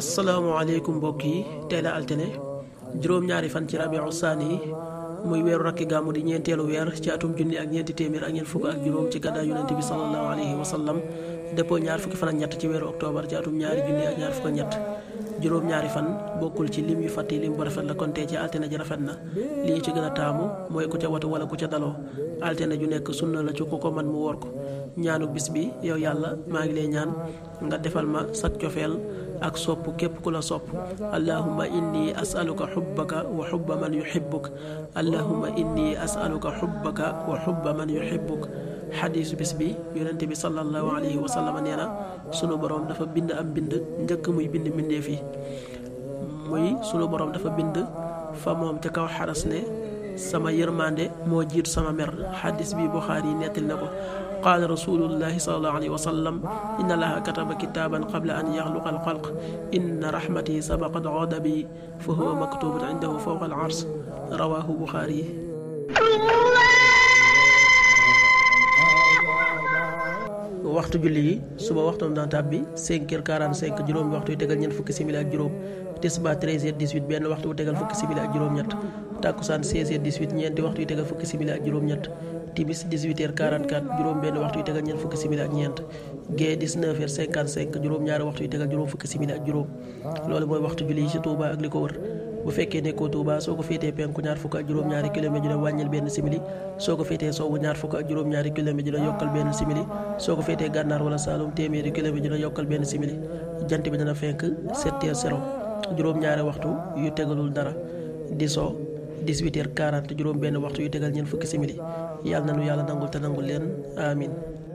asalaamaaleykum mbokk yi tey la altine juróom-ñaari fan ci rabiu saani yi muy weeru rakki gàmmu di ñeenteelu weer ci atum junni ak ñeenti téeméer ak ñeent fukk ak juróom ci gàddaa yonente bi salallahu alayhi wa sallam ñaar fukki fan ñett ci weeru octobre ci atum ñaari junni ak ñaar fukk ak ñett juróom-ñaari fan bokkul ci lim yu fàtte lim bu rafet la kontee ci altine ji rafet na li ñu ci gën a taamu mooy ku ca watu wala ku ca daloo altine ju nekk sunna la ci ku ko man mu woor ko ñaanu bis bi yow yàlla maa ngi lay ñaan nga defal ma sag cofeel ak sopp képp ku la sopp allahuma inni asaluka xubbaka wa xubba man yuxibuk allahuma inni asaluka xubbaka wa xubba man yuxibuk xadiisu bis bi yonent bi sallallahu wa sallam nee na sunu borom dafa bind am bind njëkk muy bind mbindeef yi muy sunu borom dafa bind fa moom ca kaw xaras ne sama yërmande moo jiitu sama mer xadis bi Buxaari nettali na ko qaala rasulullahi sallallahu alayhi wa sallam inna allaha kataba kitaaban qabla an yaxluqa al xalq inna rahmati sabaqat ghadabi fa huwa maktubun indahu fawqa al arsh rawahu Buxaari waxtu julli yi suba waxtoom dana tàbbi 5 ak juróom tisba 13 heures 18 benn waxtu bu tegal fukki simili ak juróom-ñett takkusaan 16 heures 18 ñeenti waxtu yu tegal fukki simili ak juróom-ñett timis 18 juróom benn waxtu yu tegal ñeent fukki simili ak ñeent gee 19 heures juróom ñaari waxtu yu tegal juróom fukki simili ak juróom loolu mooy waxtu julli yi ci Touba ak li ko wër bu fekkee nekkoo Touba soo ko féetee penku ñaar fukk ak juróom-ñaari kilomètre la wàññil benn simili soo ko féetee sowwu ñaar fukk ak juróom-ñaari kilomètre la yokkal benn simili soo ko féetee gànnaar wala Saalum téeméeri kilomètre la yokkal benn simili jant bi dana fenk 7h00 juróom-ñaari waxtu yu tegalul dara di soo 18h40 juróom benn waxtu yu tegal ñeent fukki simili yàlla na nu yàlla nangul te nangul leen amin